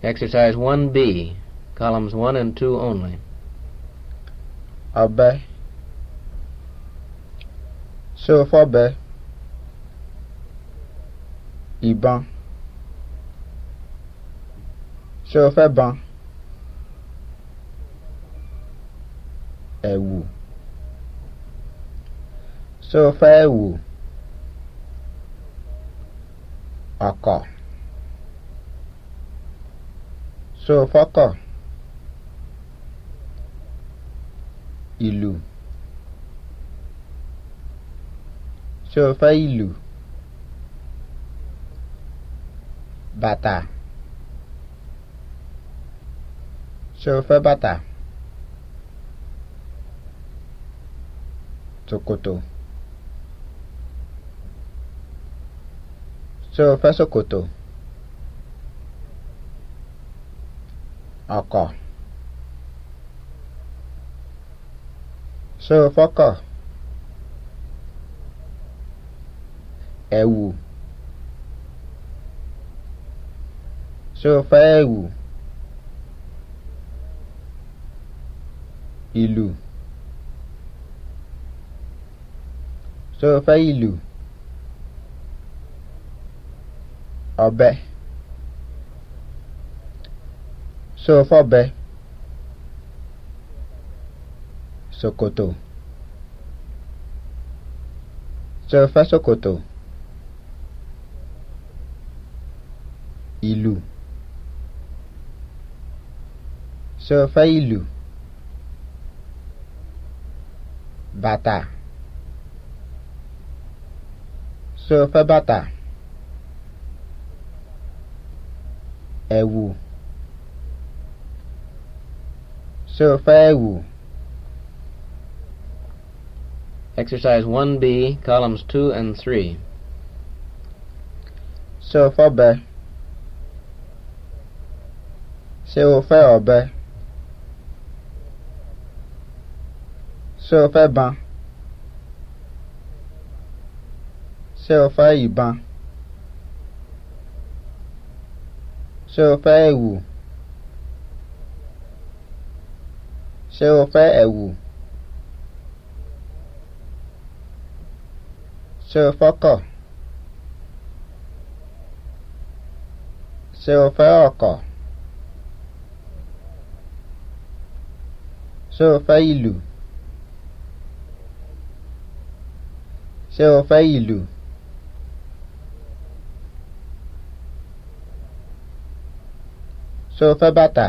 Exercise 1B, columns 1 and 2 only. Abe. Sefabe. Iban. Sefaban. Ewu. far, ewu. Akọ. so fọ́kọ̀ ìlù so fẹ́ ìlù bàtà so fẹ́ bàtà ṣòkòtò so fẹ́ ṣòkòtò. So, Aka, ṣé o fọ́kọ̀ ẹ̀wù ṣé o fẹ́ ẹ̀wù ìlù ṣé o ìlù ọbẹ̀. so sofọbẹ ṣòkòtò sofẹ ṣòkòtò ìlù sofẹ ìlù bàtà sofẹ bàtà ẹ̀wù. E So Surfawu. Exercise 1B, columns 2 and 3. So So So Surfabe. So Surfaban. far, Surfaiwu. Ṣé o fẹ́ ẹ̀wù? Ṣé o fọ́kọ̀? Ṣé o fẹ́ ọkọ̀? Ṣé o fẹ́ ìlù? Ṣé o fẹ́ ìlù? Ṣé o fẹ́ bàtà?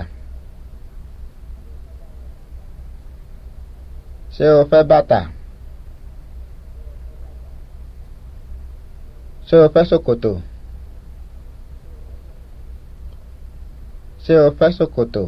ṣé o fẹ́ bàtà ṣé o fẹ́ ṣòkòtò ṣé o fẹ́ ṣòkòtò.